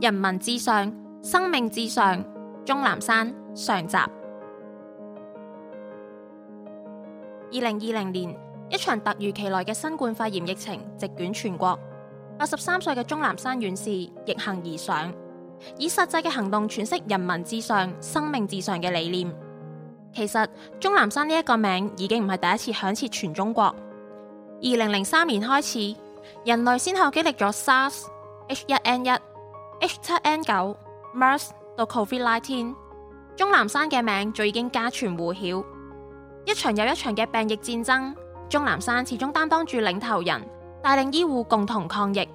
人民至上，生命至上。鍾南山上集，二零二零年一場突如其來嘅新冠肺炎疫情席捲全國。八十三歲嘅鍾南山院士逆行而上，以實際嘅行動詮釋人民至上、生命至上嘅理念。其實鍾南山呢一個名已經唔係第一次響徹全中國。二零零三年開始，人類先後經歷咗 SARS、H1N1。H 七 N 九，MERS 到 COVID nineteen，鍾南山嘅名早已經家傳戶曉。一場又一場嘅病疫戰爭，鍾南山始終擔當住領頭人，帶領醫護共同抗疫。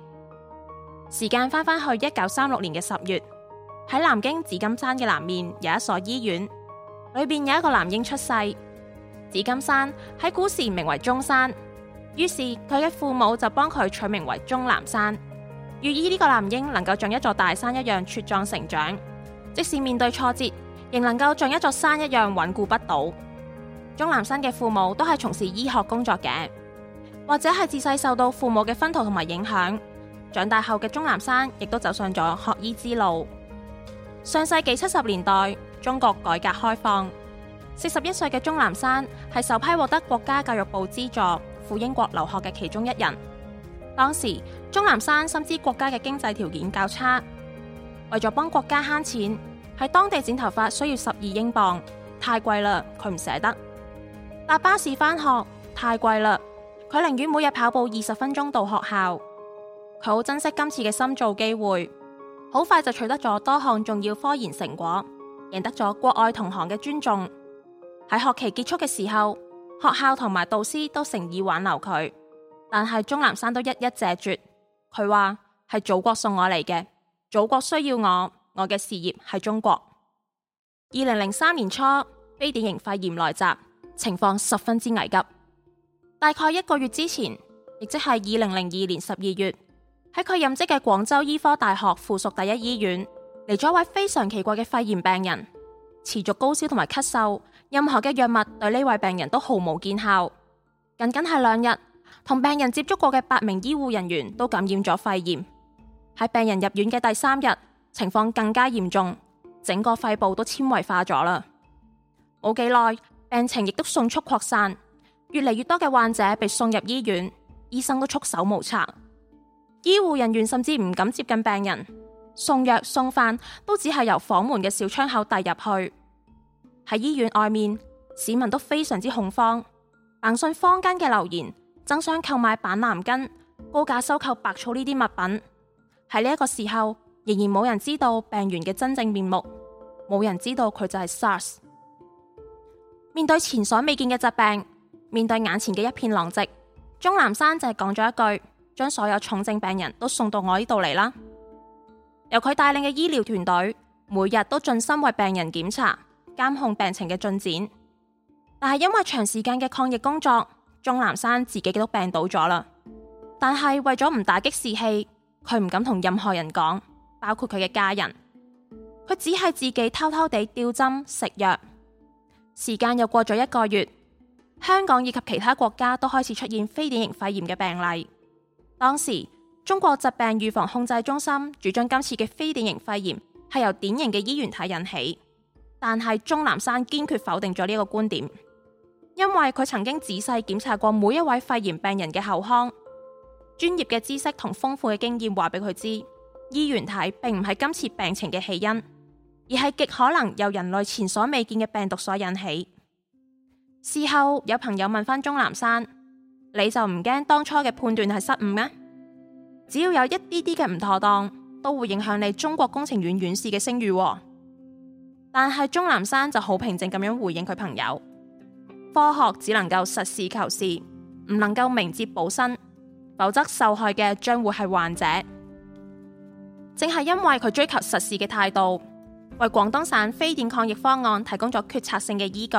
時間翻返去一九三六年嘅十月，喺南京紫金山嘅南面有一所醫院，裏邊有一個男嬰出世。紫金山喺古時名為中山，於是佢嘅父母就幫佢取名為鍾南山。寓意呢個男嬰能夠像一座大山一樣茁壯成長，即使面對挫折，仍能夠像一座山一樣穩固不倒。鍾南山嘅父母都係從事醫學工作嘅，或者係自細受到父母嘅熏陶同埋影響，長大後嘅鍾南山亦都走上咗學醫之路。上世紀七十年代，中國改革開放，四十一歲嘅鍾南山係首批獲得國家教育部資助赴英國留學嘅其中一人。當時鍾南山深知國家嘅經濟條件較差，為咗幫國家慳錢，喺當地剪頭髮需要十二英鎊，太貴啦，佢唔捨得搭巴士返學，太貴啦，佢寧願每日跑步二十分鐘到學校。佢好珍惜今次嘅深造機會，好快就取得咗多項重要科研成果，贏得咗國外同行嘅尊重。喺學期結束嘅時候，學校同埋導師都誠意挽留佢。但係鍾南山都一一謝絕，佢話係祖國送我嚟嘅，祖國需要我，我嘅事業係中國。二零零三年初，非典型肺炎來襲，情況十分之危急。大概一個月之前，亦即係二零零二年十二月，喺佢任職嘅廣州醫科大學附屬第一醫院，嚟咗一位非常奇怪嘅肺炎病人，持續高燒同埋咳嗽，任何嘅藥物對呢位病人都毫無見效，僅僅係兩日。同病人接觸過嘅八名醫護人員都感染咗肺炎。喺病人入院嘅第三日，情況更加嚴重，整個肺部都纖維化咗啦。冇幾耐，病情亦都迅速擴散，越嚟越多嘅患者被送入醫院，醫生都束手無策。醫護人員甚至唔敢接近病人，送藥送飯都只係由房門嘅小窗口遞入去。喺醫院外面，市民都非常之恐慌，憑信坊間嘅留言。爭相購買板藍根、高價收購白醋呢啲物品。喺呢一個時候，仍然冇人知道病源嘅真正面目，冇人知道佢就係 SARS。面對前所未見嘅疾病，面對眼前嘅一片狼藉，鍾南山就係講咗一句，將所有重症病人都送到我呢度嚟啦。由佢帶領嘅醫療團隊，每日都盡心為病人檢查、監控病情嘅進展。但係因為長時間嘅抗疫工作，鍾南山自己都病倒咗啦，但係為咗唔打擊士氣，佢唔敢同任何人講，包括佢嘅家人。佢只係自己偷偷地吊針食藥。時間又過咗一個月，香港以及其他國家都開始出現非典型肺炎嘅病例。當時，中國疾病預防控制中心主張今次嘅非典型肺炎係由典型嘅衣原體引起，但係鍾南山堅決否定咗呢個觀點。因為佢曾經仔細檢查過每一位肺炎病人嘅口腔，專業嘅知識同豐富嘅經驗話俾佢知，衣原體並唔係今次病情嘅起因，而係極可能由人類前所未見嘅病毒所引起。事後有朋友問返鍾南山，你就唔驚當初嘅判斷係失誤咩？只要有一啲啲嘅唔妥當，都會影響你中國工程院院士嘅聲譽。但係鍾南山就好平靜咁樣回應佢朋友。科學只能夠實事求是，唔能夠明哲保身，否則受害嘅將會係患者。正係因為佢追求實事嘅態度，為廣東省非典抗疫方案提供咗決策性嘅依據，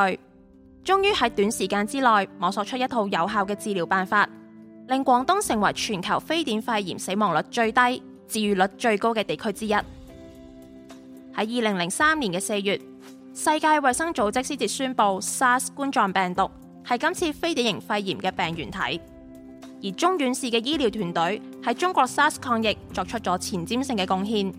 終於喺短時間之內摸索出一套有效嘅治療辦法，令廣東成為全球非典肺炎死亡率最低、治愈率最高嘅地區之一。喺二零零三年嘅四月，世界衛生組織先至宣布，SARS 冠狀病毒係今次非典型肺炎嘅病原體，而鍾院士嘅醫療團隊喺中國 SARS 抗疫作出咗前瞻性嘅貢獻。